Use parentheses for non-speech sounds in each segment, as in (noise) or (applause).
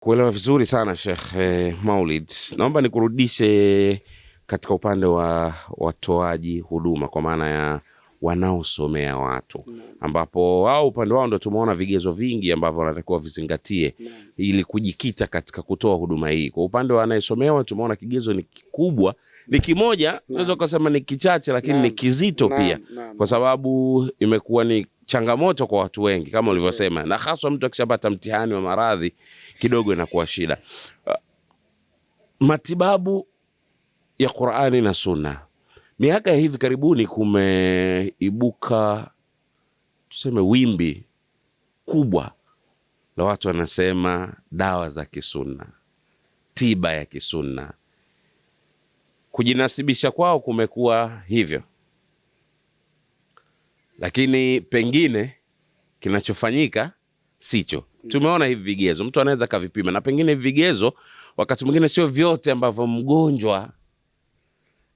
Kuelewa vizuri sana Sheikh eh, Maulid, naomba nikurudishe katika upande wa watoaji huduma kwa maana ya wanaosomea watu, ambapo wao upande wao ndo tumeona vigezo vingi ambavyo wanatakiwa vizingatie ili kujikita katika kutoa huduma hii. Kwa upande wa anayesomewa tumeona kigezo ni kikubwa, ni kimoja, unaweza ukasema ni kichache, lakini ni kizito na, pia na, na, kwa sababu imekuwa ni changamoto kwa watu wengi kama ulivyosema, na haswa mtu akishapata mtihani wa maradhi kidogo inakuwa shida. Uh, matibabu ya Qur'ani na Sunna Miaka ya hivi karibuni kumeibuka tuseme wimbi kubwa la watu wanasema dawa za kisunna, tiba ya kisunna. Kujinasibisha kwao kumekuwa hivyo, lakini pengine kinachofanyika sicho. Tumeona hivi vigezo, mtu anaweza akavipima, na pengine hivi vigezo wakati mwingine sio vyote ambavyo mgonjwa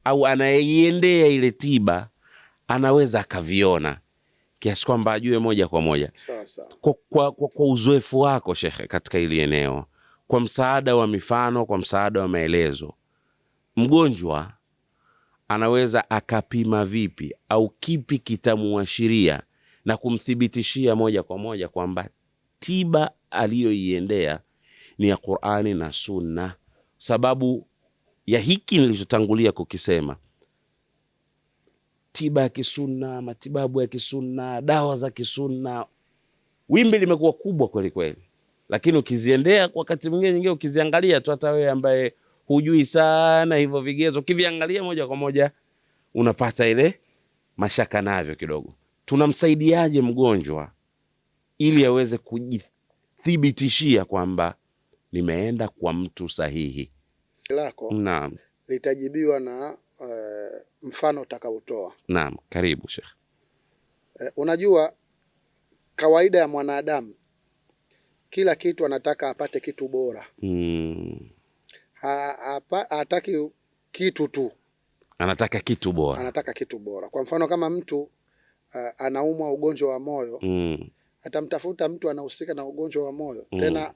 au anayeiendea ile tiba anaweza akaviona kiasi kwamba ajue moja kwa moja. Kwa, kwa, kwa, kwa uzoefu wako shekhe, katika hili eneo, kwa msaada wa mifano, kwa msaada wa maelezo, mgonjwa anaweza akapima vipi au kipi kitamuashiria na kumthibitishia moja kwa moja kwamba tiba aliyoiendea ni ya Qur'ani na Sunna, sababu ya hiki nilichotangulia kukisema, tiba ya kisunna, matibabu ya kisunna, dawa za kisunna, wimbi limekuwa kubwa kweli kweli, lakini ukiziendea kwa wakati mwingine nyingine, ukiziangalia tu, hata wewe ambaye hujui sana hivyo vigezo, ukiviangalia moja kwa moja unapata ile mashaka navyo kidogo. Tunamsaidiaje mgonjwa ili aweze kujithibitishia kwamba nimeenda kwa mtu sahihi? lako naam, litajibiwa na e, mfano utakaotoa. Naam, karibu Sheikh. E, unajua kawaida ya mwanadamu kila kitu anataka apate kitu bora mm. Ha, hataki kitu tu, anataka kitu bora, anataka kitu bora. Kwa mfano kama mtu uh, anaumwa ugonjwa wa moyo mm. atamtafuta mtu anahusika na ugonjwa wa moyo mm. tena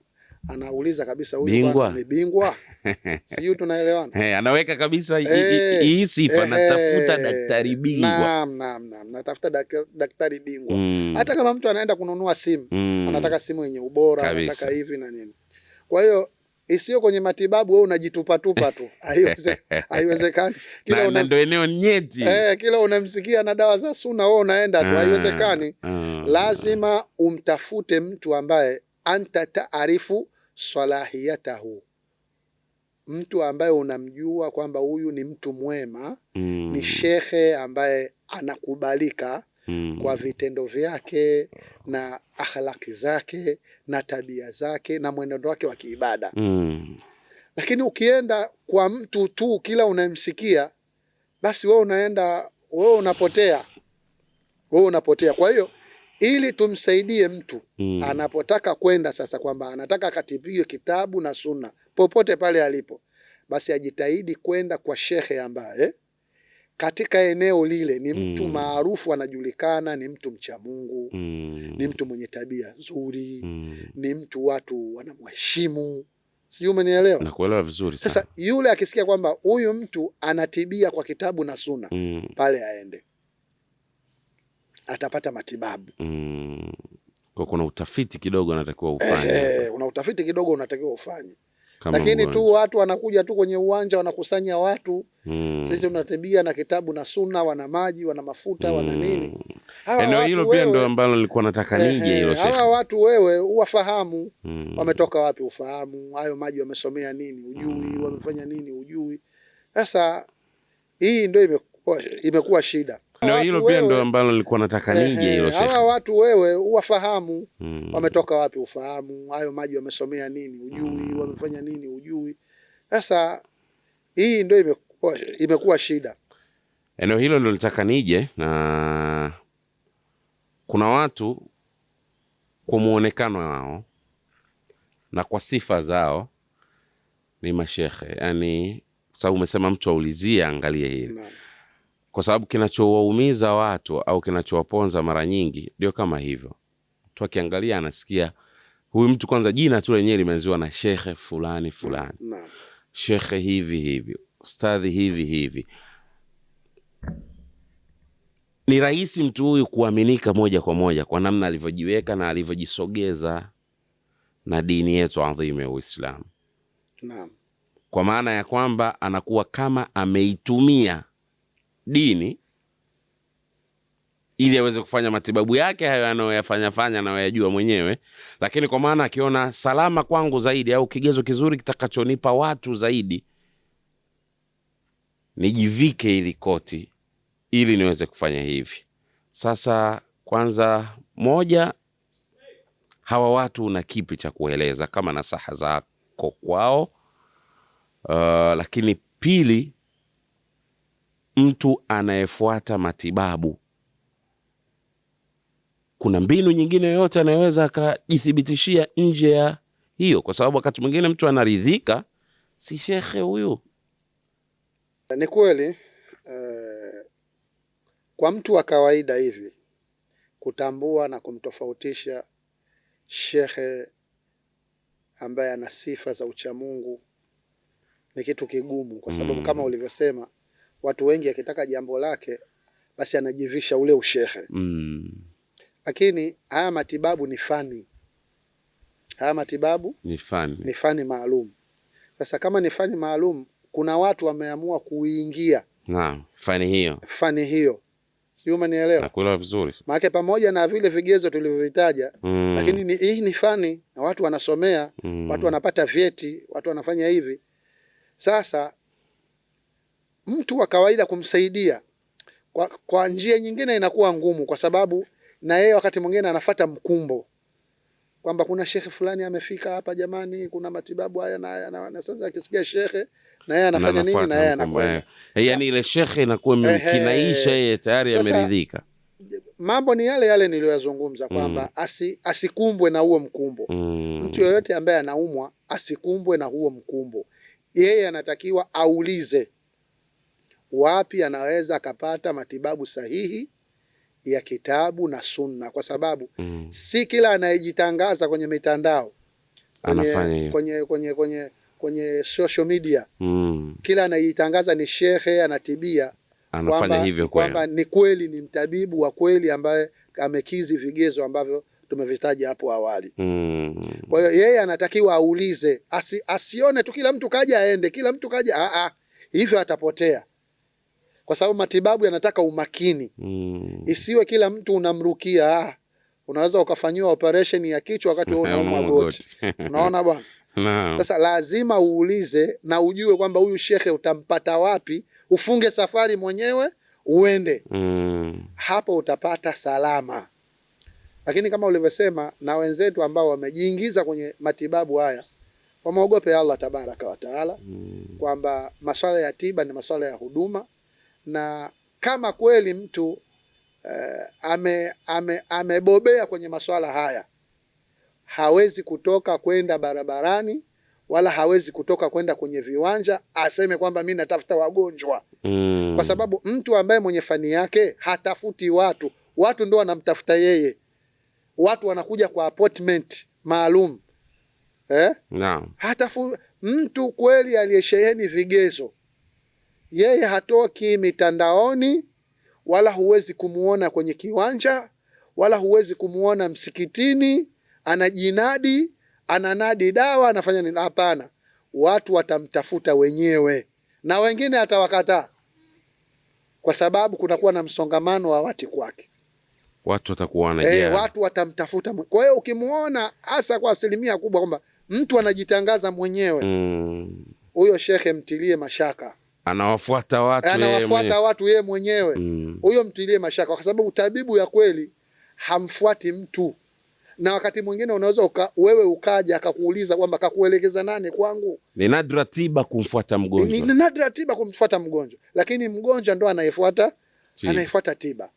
anauliza kabisa huyu ni bingwa (laughs) sijui tunaelewana. Hey, anaweka kabisa eh, hii hey, sifa hey, eh, natafuta hey, daktari bingwa. Naam, naam, naam, natafuta dak daktari bingwa mm. hata mm. kama mtu anaenda kununua simu mm. anataka simu yenye ubora kabisa. Anataka hivi na nini, kwa hiyo isiyo kwenye matibabu, wewe unajitupatupa tu, (laughs) haiwezekani. Kila una ndio eneo nyeti eh, kila unamsikia na dawa za suna, wewe unaenda tu, ah, haiwezekani. Ah, ah. Lazima umtafute mtu ambaye anta taarifu salahiyatahu, mtu ambaye unamjua kwamba huyu ni mtu mwema mm. ni shekhe ambaye anakubalika mm. kwa vitendo vyake na akhlaki zake na tabia zake na mwenendo wake wa kiibada mm. Lakini ukienda kwa mtu tu kila unamsikia, basi wewe unaenda wewe unapotea, wewe unapotea. Kwa hiyo ili tumsaidie mtu mm. anapotaka kwenda sasa, kwamba anataka akatibiwe kitabu na sunna popote pale alipo, basi ajitahidi kwenda kwa shekhe ambaye katika eneo lile ni mtu mm. maarufu, anajulikana, ni mtu mcha Mungu mm. ni mtu mwenye tabia nzuri mm. ni mtu watu wanamheshimu. Sijui umenielewa? Nakuelewa vizuri sana. Sasa yule akisikia kwamba huyu mtu anatibia kwa kitabu na suna mm. pale aende atapata matibabu mm. kuna utafiti kidogo anatakiwa ufanye eh, eh, una utafiti kidogo unatakiwa ufanye kama lakini mwana. tu watu wanakuja tu kwenye uwanja wanakusanya watu mm. Sisi tunatibia na kitabu na suna, wana maji wana mafuta mm. wana nini. Eneo hilo pia ndo ambalo nilikuwa nataka eh, nije eh, hilo. Hawa watu wewe uwafahamu mm. wametoka wapi, ufahamu hayo maji wamesomea nini, ujui mm. wamefanya nini, ujui. Sasa hii ndo imekuwa imekuwa shida ndio hilo pia ndio ambalo nilikuwa nataka nije hilo. Hawa watu wewe uwafahamu hmm. Wametoka wapi ufahamu? Hayo maji wamesomea nini ujui? hmm. Wamefanya nini ujui? Sasa hii ndio imekuwa, imekuwa shida. Eneo hilo ndio nitaka nije, na kuna watu kwa muonekano wao na kwa sifa zao ni mashehe, yani sababu umesema mtu aulizie angalie hili kwa sababu kinachowaumiza watu au kinachowaponza mara nyingi ndio kama hivyo. Mtu akiangalia anasikia huyu mtu kwanza, jina tu lenyewe limeanziwa na shekhe fulani fulani, shekhe hivi hivi, ustadhi hivi hivi, ni rahisi mtu huyu kuaminika moja kwa moja kwa namna alivyojiweka na alivyojisogeza na dini yetu adhimu ya Uislamu, kwa maana ya kwamba anakuwa kama ameitumia dini ili aweze kufanya matibabu yake hayo anayoyafanyafanya anayoyajua mwenyewe, lakini kwa maana akiona salama kwangu zaidi au kigezo kizuri kitakachonipa watu zaidi, nijivike ili koti ili niweze kufanya hivi. Sasa kwanza, moja, hawa watu una kipi cha kueleza kama nasaha zako kwao? Uh, lakini pili mtu anayefuata matibabu. Kuna mbinu nyingine yoyote anayeweza akajithibitishia nje ya hiyo? Kwa sababu wakati mwingine mtu anaridhika, si shekhe huyu. Ni kweli eh, kwa mtu wa kawaida hivi kutambua na kumtofautisha shekhe ambaye ana sifa za uchamungu ni kitu kigumu, kwa sababu mm, kama ulivyosema watu wengi akitaka jambo lake basi anajivisha ule ushehe mm. Lakini haya matibabu ni fani, haya matibabu ni fani, ni fani maalum. Sasa kama ni fani maalum, kuna watu wameamua kuingia na fani hiyo, fani hiyo sio, umenielewa? Nakuelewa vizuri, maana pamoja na vile vigezo tulivyovitaja mm. lakini ni, hii ni fani na watu wanasomea mm. watu wanapata vyeti, watu wanafanya hivi sasa mtu wa kawaida kumsaidia kwa, kwa njia nyingine inakuwa ngumu, kwa sababu na yeye wakati mwingine anafata mkumbo kwamba kuna shekhe fulani amefika hapa, jamani, kuna matibabu haya na haya na, sasa akisikia shekhe na yeye anafanya nini na yeye anakwenda, yaani ile shekhe inakuwa imekinaisha yeye, tayari ameridhika. Mambo ni yale yale niliyoyazungumza mm. kwamba mm. asi, asikumbwe na huo mkumbo mm. Mtu yoyote ambaye anaumwa asikumbwe na huo mkumbo, yeye anatakiwa aulize wapi anaweza akapata matibabu sahihi ya kitabu na Sunna, kwa sababu mm. si kila anayejitangaza kwenye mitandao kwenye, kwenye, kwenye, kwenye, kwenye, social media mm. kila anayejitangaza ni shekhe anatibia anafanya hivyo kwamba ni kweli ni mtabibu wa kweli ambaye amekizi vigezo ambavyo tumevitaja hapo awali mm. Kwa hiyo yeye anatakiwa aulize, asi, asione tu kila mtu kaja aende, kila mtu kaja, ah, ah, hivyo atapotea kwa sababu matibabu yanataka umakini mm. Isiwe kila mtu unamrukia ah, unaweza ukafanyiwa operation ya kichwa wakati wewe goti (laughs) unaona bwana sasa no. Lazima uulize na ujue kwamba huyu shekhe utampata wapi, ufunge safari mwenyewe uende mm. Hapo utapata salama, lakini kama ulivyosema na wenzetu ambao wamejiingiza kwenye matibabu haya wamwogope Allah tabaraka wataala mm. kwamba maswala ya tiba ni maswala ya huduma na kama kweli mtu eh, ame, ame, amebobea kwenye masuala haya hawezi kutoka kwenda barabarani wala hawezi kutoka kwenda kwenye viwanja aseme kwamba mi natafuta wagonjwa mm. Kwa sababu mtu ambaye mwenye fani yake hatafuti watu, watu ndo wanamtafuta yeye. Watu wanakuja kwa appointment maalum eh? No. Hatafu mtu kweli aliyesheheni vigezo yeye hatoki mitandaoni, wala huwezi kumuona kwenye kiwanja, wala huwezi kumuona msikitini anajinadi, ananadi dawa, anafanya nini? Hapana, watu watamtafuta wenyewe, na wengine atawakataa kwa sababu kunakuwa na msongamano wa watu kwake. Watu watakuwa e, watu watamtafuta. Kwa hiyo ukimuona, hasa kwa asilimia kubwa, kwamba mtu anajitangaza mwenyewe, mm. huyo mm. shekhe mtilie mashaka anawafuata watu, anawafuata watu yeye mwenyewe mm. huyo mm. Mtilie mashaka, kwa sababu utabibu ya kweli hamfuati mtu, na wakati mwingine unaweza uka, wewe ukaja akakuuliza kwamba kakuelekeza nani kwangu. Ni nadra tiba kumfuata mgonjwa, ni nadra tiba kumfuata mgonjwa, lakini mgonjwa ndo anayefuata anayefuata tiba.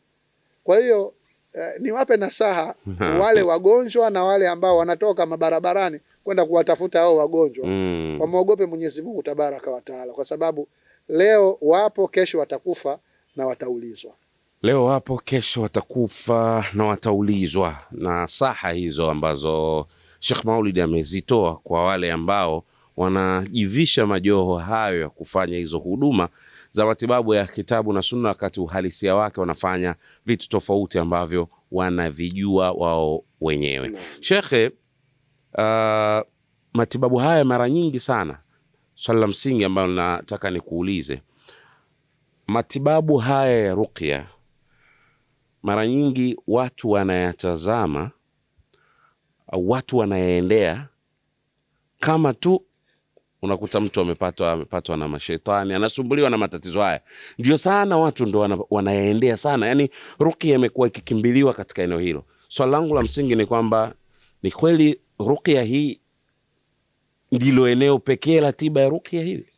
Kwa hiyo eh, niwape nasaha wale wagonjwa na wale ambao wanatoka mabarabarani kwenda kuwatafuta hao wagonjwa mm. Wamwogope Mwenyezi Mungu tabaraka wataala kwa sababu leo wapo, kesho watakufa na wataulizwa. Leo wapo, kesho watakufa na wataulizwa. Na saha hizo ambazo Sheikh Maulid amezitoa kwa wale ambao wanajivisha majoho hayo ya kufanya hizo huduma za matibabu ya kitabu na Sunna, wakati uhalisia wake wanafanya vitu tofauti ambavyo wanavijua wao wenyewe. Shekhe, uh, matibabu haya mara nyingi sana swali la msingi ambalo nataka nikuulize, matibabu haya ya ruqya mara nyingi watu wanayatazama au watu wanayaendea kama tu unakuta mtu amepatwa amepatwa na mashetani, anasumbuliwa na matatizo haya, ndio sana watu ndo wanayaendea sana. Yani ruqya imekuwa ikikimbiliwa katika eneo hilo. Swali langu la msingi ni kwamba ni kweli ruqya hii ndilo eneo pekee la tiba ya rukia hili?